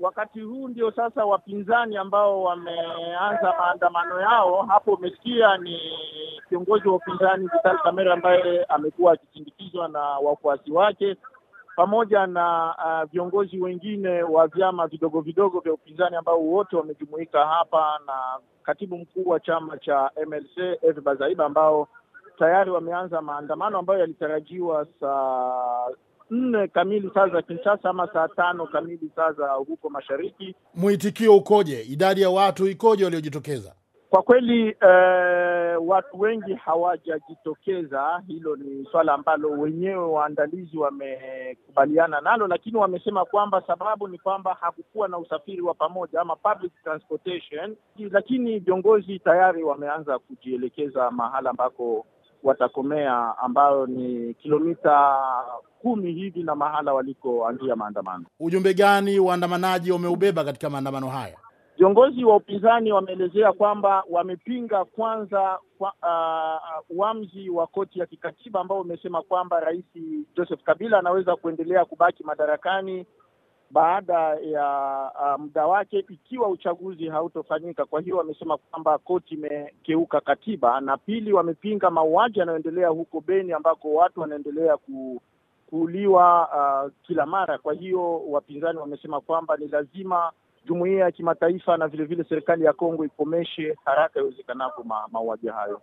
wakati huu ndio sasa wapinzani ambao wameanza maandamano yao. Hapo umesikia ni kiongozi wa upinzani Vital Kamerhe ambaye amekuwa akisindikizwa na wafuasi wake pamoja na uh, viongozi wengine wa vyama vidogo vidogo vya upinzani ambao wote wamejumuika hapa na katibu mkuu wa chama cha MLC Eve Bazaiba ambao tayari wameanza maandamano ambayo yalitarajiwa saa nne kamili saa za Kinshasa ama saa tano kamili saa za huko mashariki. Mwitikio ukoje? Idadi ya watu ikoje waliojitokeza? Kwa kweli eh, watu wengi hawajajitokeza. Hilo ni swala ambalo wenyewe waandalizi wamekubaliana nalo, lakini wamesema kwamba sababu ni kwamba hakukuwa na usafiri wa pamoja ama public transportation, lakini viongozi tayari wameanza kujielekeza mahala ambako watakomea ambayo ni kilomita kumi hivi na mahala walikoanzia maandamano. Ujumbe gani waandamanaji wameubeba katika maandamano haya? Viongozi wa upinzani wameelezea kwamba wamepinga kwanza kwa, uh, ah, ah, uamzi wa koti ya kikatiba ambao umesema kwamba Rais Joseph Kabila anaweza kuendelea kubaki madarakani baada ya uh, muda wake ikiwa uchaguzi hautofanyika. Kwa hiyo wamesema kwamba koti imekeuka katiba, na pili, wamepinga mauaji yanayoendelea huko Beni ambako watu wanaendelea ku kuuliwa uh, kila mara. Kwa hiyo wapinzani wamesema kwamba ni lazima jumuiya ya kimataifa na vilevile serikali ya Kongo ikomeshe haraka iwezekanavyo mauaji hayo.